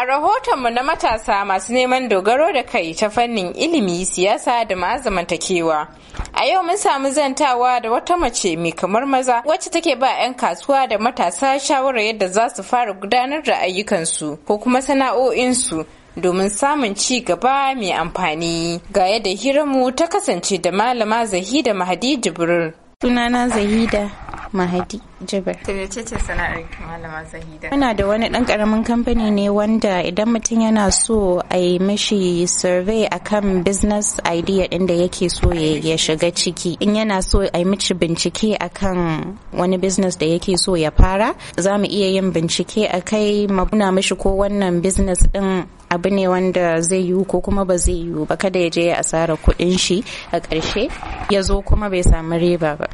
A rahotonmu na matasa masu neman dogaro da kai ta fannin ilimi, siyasa da ma'azamantakewa. A yau mun samu zantawa da wata mace mai kamar maza wacce take ba 'yan kasuwa da matasa shawarar yadda za su fara gudanar da ayyukansu ko kuma sana'o'insu domin samun ci gaba mai amfani. Ga yadda hiramu ta kasance da malama Zahida Mahadi Jibril. Sunana Zahida. Mahadi Jibir. Ta ce ce sana'ar malama Zahida? Muna da wani ɗan ƙaramin kamfani ne wanda idan mutum yana so a yi mishi survey akan business idea ɗin da yake so ya shiga ciki. In yana so a yi mishi bincike akan wani business da yake so ya fara, za mu iya yin bincike a kai muna mishi ko wannan business ɗin abu ne wanda zai yiwu ko kuma ba zai yiwu ba kada ya je ya asara kuɗin shi a ƙarshe ya zo kuma bai samu riba ba.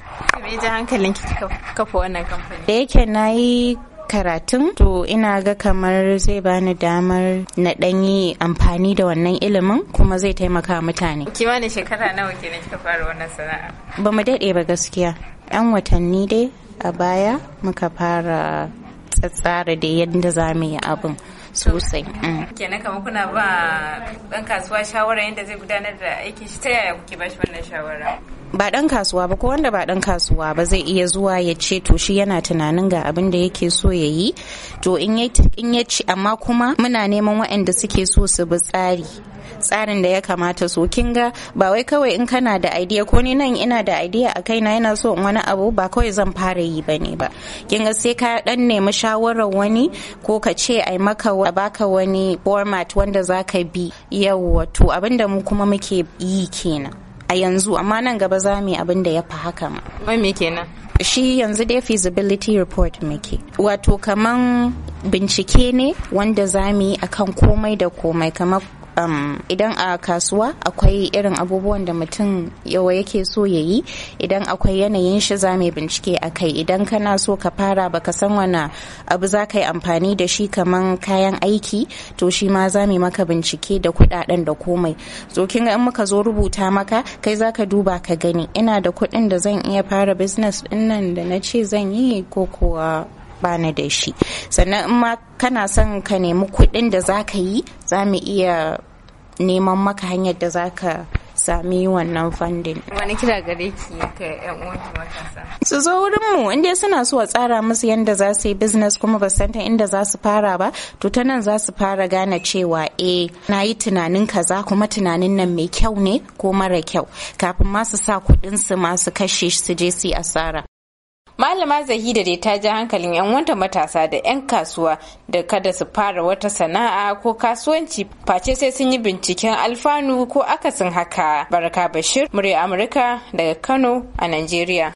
Me ji hankalin ki kafa wannan kamfani? Da yake na yi karatun to ina ga kamar zai bani damar na dan yi amfani da wannan ilimin kuma zai taimaka mutane. Kimanin shekara nawa kenan kika fara wannan sana'a? Ba daɗe ba gaskiya. 'Yan watanni dai a baya muka fara tsatsara da yadda za mu yi abin sosai. Mm. kenan kama kuna ba ɗan kasuwa shawara yadda zai gudanar da aiki shi ta yaya kuke ba shi wannan shawara? ba dan kasuwa ba ko wanda ba dan kasuwa ba zai iya zuwa ya ce to shi yana tunanin ga abin da yake so ya yi to in ya ci amma kuma muna neman waɗanda suke so su bi tsari tsarin da ya kamata so kin ga ba wai kawai in kana da idea ko ni nan ina da idea a kaina yana so in wani abu ba kawai zan fara yi bane ba kin ga sai ka dan nemi shawarar wani ko ka ce ai maka a baka wani format wanda za ka bi yawo wato abinda mu kuma muke yi kenan a yanzu amma nan gaba za mu yi abin da ya fi hakan. Wai me kenan? Shi yanzu dai feasibility report muke. Wato kaman bincike ne wanda za mu yi akan komai da komai kamar Um, idan a kasuwa akwai irin abubuwan da mutum yawa yake so ya yi idan akwai yanayin shi za mai bincike a kai idan kana so ka fara baka san wani abu za ka yi amfani da shi kaman kayan aiki to shi ma za mai maka bincike da kuɗaɗen da komai so kin ga muka zo rubuta maka kai za ka duba ka gani ina da kuɗin da zan iya fara business ɗin nan da na ce zan yi ko bani da shi sannan in ma kana son ka nemi kuɗin da za ka yi za mu iya neman maka hanyar da za ka sami wannan funding. Wani kira gare ki ka yan uwanki matasa. Su zo wurin mu inda suna so a tsara musu yadda za su yi business kuma ba san ta inda za su fara ba, to ta nan za su fara gane cewa eh na yi tunanin kaza kuma tunanin nan mai kyau ne ko mara kyau kafin ma su sa kuɗin su masu kashe su je su yi asara. malama zahida dai ta ji hankalin 'yan wanta matasa da 'yan kasuwa da kada su fara wata sana'a ko kasuwanci face sai sun yi binciken alfanu ko akasin haka baraka bashir murya amurka daga kano a nigeria